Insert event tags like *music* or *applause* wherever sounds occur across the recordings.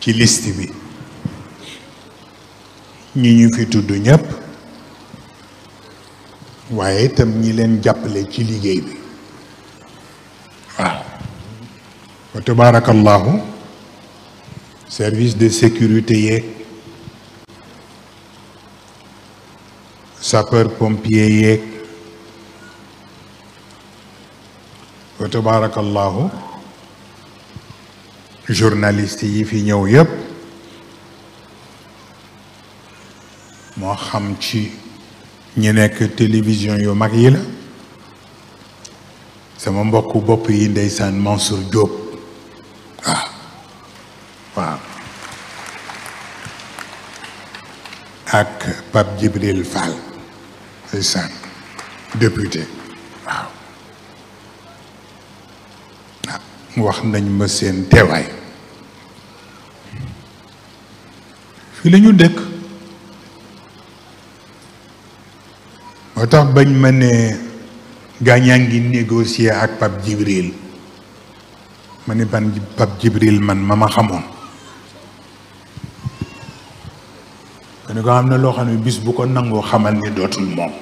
ci list bi ñi ñu fi tudd ñëpp waaye tam ñi leen jàppale ci liggéey bi waaw wa tabarakallahu service de sécurité yeeg sapeur pompier yeeg wa journaliste yi fi ñëw yépp moo xam ci ñu nekk télévision yu mag yi la sama mbokk bopp yi ndeysaan Mansour Diop waaw ah. waaw ak Pape Djibril Fall ndeysaan député waaw ah. wax nañ ma seen teewaay fii la dëkk moo tax bañ ma ne gaañaa ngi négocier ak Pape Djibril ma ne ban Pape Djibril man ma ma xamoon ma ne ko am ne loo xam ne bis bu ko nangoo xamal ni dootul moom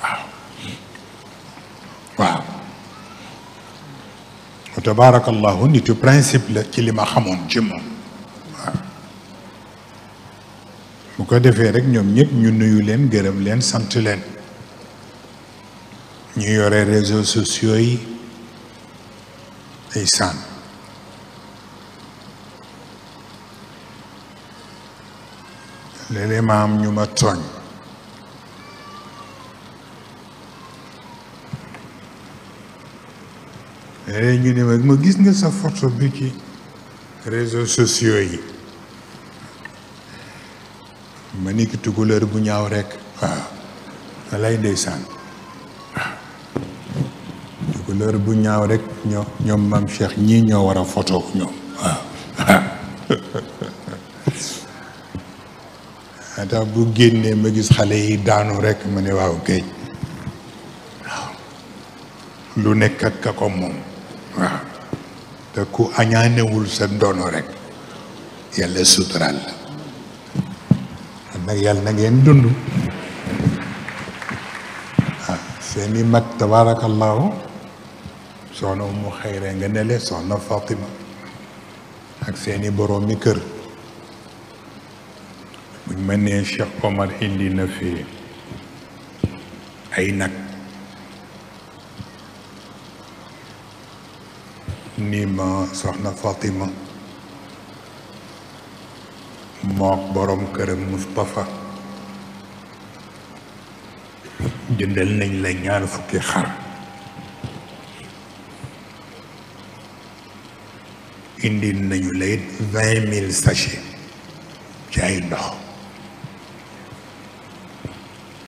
waaw waaw tabaarakallahu nitu principe la ci li ma xamoon ci moom bu ko defee rek ñoom ñëpp ñu nuyu leen gërëm leen sant leen ñu yore réseau sociaux yi ay saan léeg-léeg ma am ñu ma tooñ léeg-léeg ñu ne ma gis nga sa photo bi ci réseaux sociaux yi ma ni ki tukulóor bu ñaaw rek waaw walay ndeysaan waaw tukulóor bu ñaaw rek ñoo ñoom maam Cheikh ñii ñoo war a photo ñoom waaw atax *laughs* bu génnee ma gis xale yi daanu rek ma ne waaw géej waaw lu nekk ak ka ko moom waaw te ku añaanewul sa ndono rek yàlla suturaal nag yàlla na ngeen dund ah seeni mag tabaarakallaahu soxna mu xëyree nga nele soxna Fatima ak seeni boroomi kër buñ mën nee Cheikh Omar indi na fi ay nag ni ma soxna Fatima mook borom këram Mustapha jëndal nañ la ñaar fukki xar indil nañu la it vingt mille sachet ci ay ndox